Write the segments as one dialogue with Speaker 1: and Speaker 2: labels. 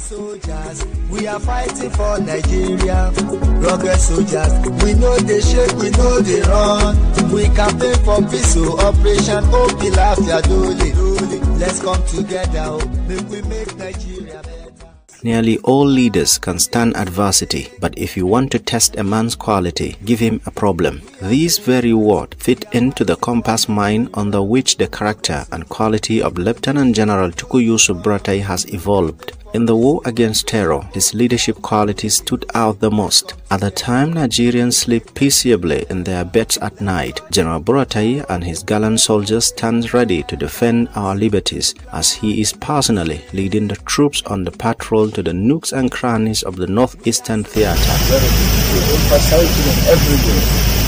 Speaker 1: soldiers, we are fighting for Nigeria. Rocket soldiers, we know they shake, we know the run. We campaign for peace, so Operation Opila Fiadole. Let's come together, oh. make we make Nigeria
Speaker 2: Nearly all leaders can stand adversity, but if you want to test a man's quality, give him a problem. These very words fit into the compass mine under which the character and quality of Lieutenant General Tukuyu Subratai has evolved. In the war against terror, his leadership qualities stood out the most. At the time, Nigerians sleep peaceably in their beds at night. General Buratai and his gallant soldiers stand ready to defend our liberties as he is personally leading the troops on the patrol to the nooks and crannies of the Northeastern Theater.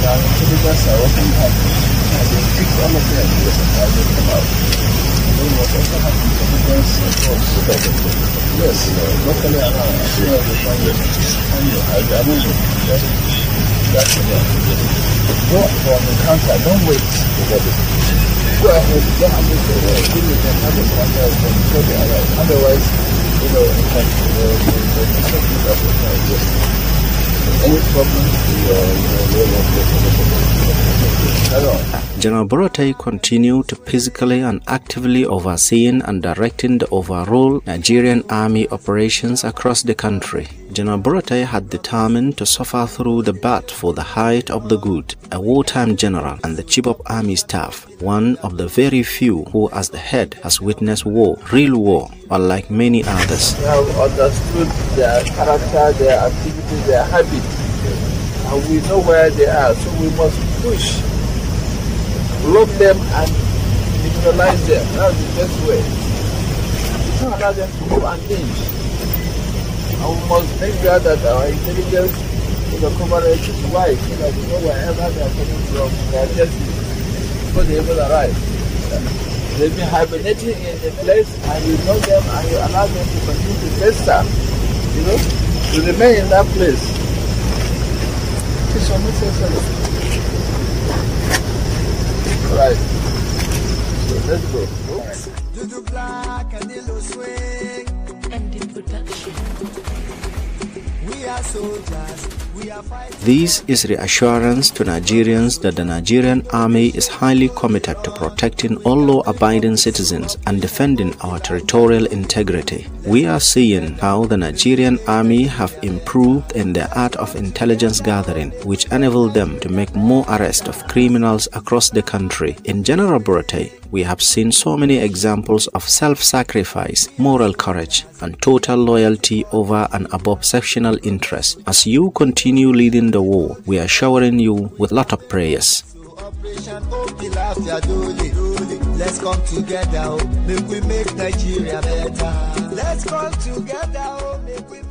Speaker 3: down into the vessel and they picked all of them, he was about to come out. And then what also happened to the yes, locally around, as well the and you have the amendment, a that's the Go for the counter, don't wait for what is Go ahead, go the world, give me the Otherwise, you know, it can, you know, the, the, the,
Speaker 2: General Borote continued to physically and actively overseeing and directing the overall Nigerian army operations across the country. General Borote had determined to suffer through the bat for the height of the good, a wartime general and the chief of army staff, one of the very few who as the head has witnessed war, real war, unlike many others.
Speaker 4: We have understood their character, their activities, their habits and we know where they are. So we must push, lock them and neutralize them. That's the best way. We can't allow them to move and change. And we must make sure that our intelligence is the coverage is wide so that we know wherever they are coming from, they are just before they even arrive. They've been hibernating in a place and you know them and you allow them to continue to test them. You know, to remain in that place. Teacher, no Right. So let's go.
Speaker 3: Dudu Black and Swing. And in
Speaker 1: production. We are soldiers.
Speaker 2: This is reassurance to Nigerians that the Nigerian army is highly committed to protecting all law-abiding citizens and defending our territorial integrity. We are seeing how the Nigerian army have improved in their art of intelligence gathering, which enabled them to make more arrests of criminals across the country. In General Borate, we have seen so many examples of self-sacrifice, moral courage, and total loyalty over and above sectional interests. As you continue leading the war, we are showering you with lot of prayers.
Speaker 1: Let's come together, oh. make we make Nigeria better. Let's come together, oh.
Speaker 2: make we